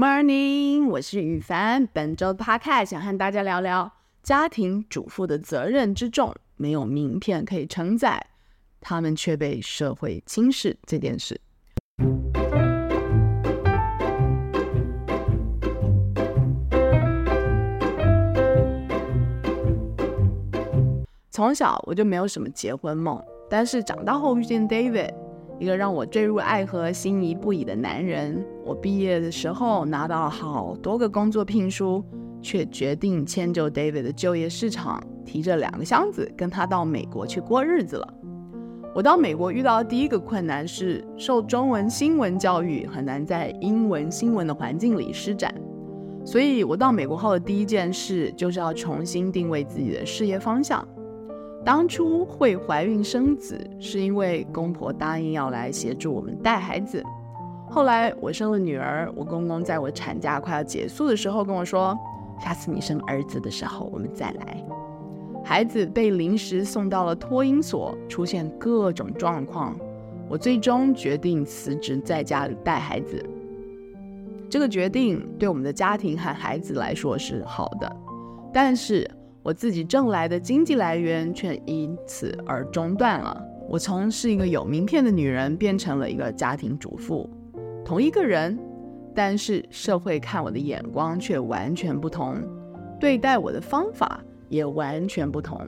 Morning，我是宇凡。本週的 podcast 想和大家聊聊家庭主婦的責任之重，沒有名片可以承載，他們卻被社會輕視這件事。從小我就沒有什麼結婚夢，但是長大後遇見 David。一個讓我墜入愛河、心儀不已的男人。我畢業的時候拿到了好多個工作聘書，卻決定遷就 David 的就業市場，提着兩個箱子跟他到美國去過日子了。我到美國遇到的第一個困難是受中文新聞教育，很難在英文新聞的環境裡施展。所以，我到美國後的第一件事就是要重新定位自己的事業方向。當初會懷孕生子，是因為公婆答應要來協助我們帶孩子。後來我生了女兒，我公公在我產假快要結束的時候跟我說：“下次你生兒子的時候，我們再來。”孩子被臨時送到了托嬰所，出現各種狀況，我最終決定辭職，在家裡帶孩子。這個決定對我們的家庭和孩子來說是好的，但是，我自己掙來的經濟來源卻因此而中斷了。我從是一個有名片的女人，變成了一個家庭主婦。同一個人，但是社會看我的眼光卻完全不同，對待我的方法也完全不同。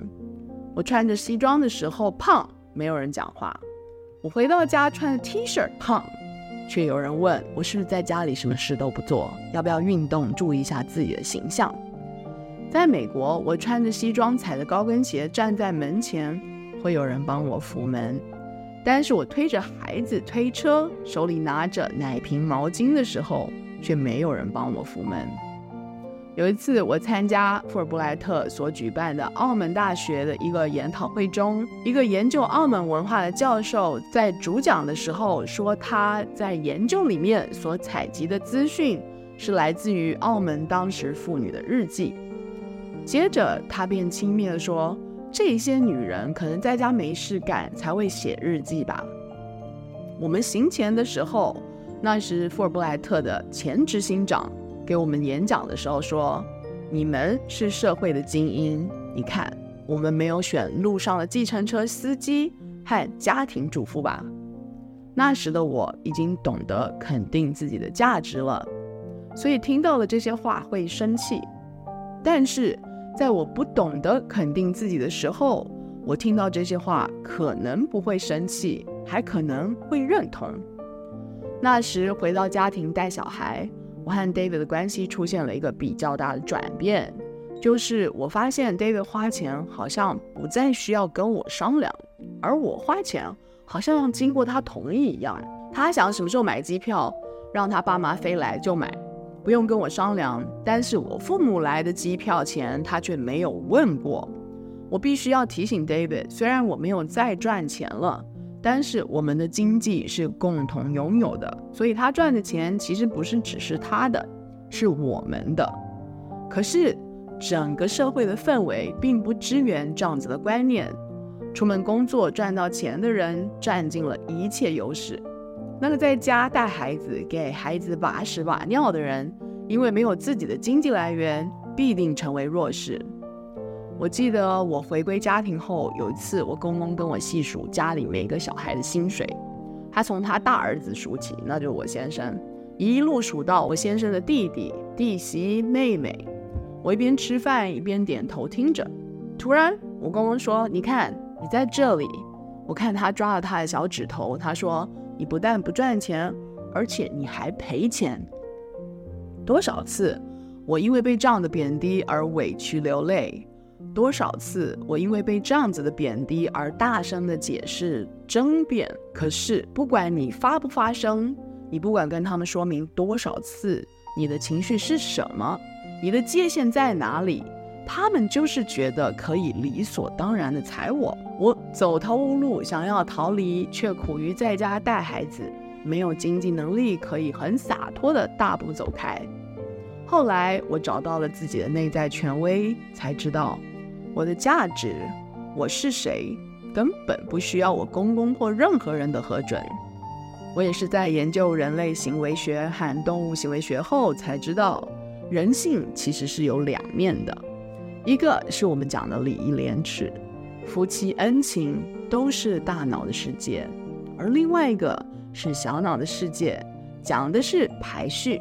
我穿着西裝的時候胖，沒有人講話；我回到家穿着 T 恤胖，卻有人問我是不是在家裡什麼事都不做，要不要運動，注意一下自己的形象。在美國，我穿着西裝，踩着高跟鞋站在門前，會有人幫我扶門；但是我推着孩子推車，手裡拿着奶瓶、毛巾的時候，卻沒有人幫我扶門。有一次，我參加傅爾布萊特所舉辦的澳門大學的一個研討會中，一個研究澳門文化的教授在主講的時候說，他在研究裡面所採集的資訊是來自於澳門當時婦女的日記。接着他便輕蔑地說：“這些女人可能在家沒事幹才會寫日記吧。我們行前的時候，那時福爾布萊特的前執行長給我們演講的時候說：‘你們是社會的精英。’你看，我們沒有選路上的計程車司機和家庭主婦吧？那時的我已經懂得肯定自己的價值了，所以聽到了這些話會生氣，但是。”在我不懂得肯定自己的時候，我聽到這些話可能不會生氣，還可能會認同。那時回到家庭帶小孩，我和 David 的關係出現了一個比較大的轉變，就是我發現 David 花錢好像不再需要跟我商量，而我花錢好像要經過他同意一樣。他想什麼時候買機票，讓他爸媽飛來就買。不用跟我商量，但是我父母來的機票錢，他卻沒有問過。我必須要提醒 David，雖然我沒有再賺錢了，但是我們的經濟是共同擁有的，所以他賺的錢其實不是只是他的，是我們的。可是整個社會的氛圍並不支援這樣子的觀念，出門工作賺到錢的人占盡了一切優勢。那個在家帶孩子、給孩子把屎把尿的人，因為沒有自己的經濟來源，必定成為弱勢。我記得我回歸家庭後，有一次我公公跟我細數家裡每一個小孩的薪水，他從他大兒子數起，那就是我先生，一路數到我先生的弟弟、弟媳、妹妹。我一邊吃飯一邊點頭聽着。突然，我公公說：“你看，你在這裡。”我看他抓了他的小指頭，他說。你不但不賺錢，而且你還賠錢。多少次我因為被這樣的貶低而委屈流淚？多少次我因為被這樣子的貶低而大聲的解釋爭辯？可是不管你發不發聲，你不管跟他們說明多少次，你的情緒是什麼？你的界限在哪裡？他們就是覺得可以理所當然的踩我，我走投無路，想要逃離，卻苦於在家帶孩子，沒有經濟能力，可以很灑脫的大步走開。後來我找到了自己的內在權威，才知道我的價值，我是誰，根本不需要我公公或任何人的核准。我也是在研究人類行為學和動物行為學後才知道，人性其實是有兩面的。一個是我們講的禮義廉恥、夫妻恩情，都是大腦的世界；而另外一個是小腦的世界，講的是排序。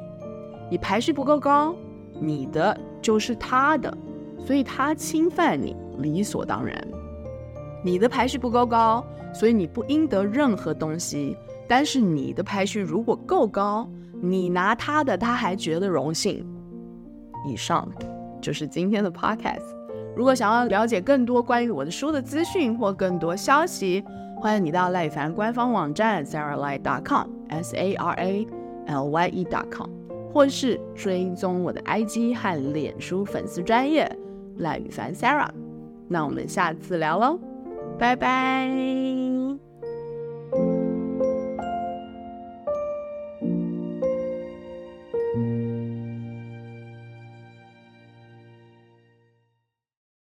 你排序不夠高，你的就是他的，所以他侵犯你理所當然。你的排序不夠高，所以你不應得任何東西。但是你的排序如果夠高，你拿他的，他還覺得榮幸。以上。就是今天的 podcast。如果想要了解更多關於我的書的資訊或更多消息，歡迎你到賴宇凡官方網站 saralye.com s, com, s a r a l y e dot com，或是追蹤我的 IG 和臉書粉絲專頁賴宇凡 Sara。那我們下次聊嘍，拜拜。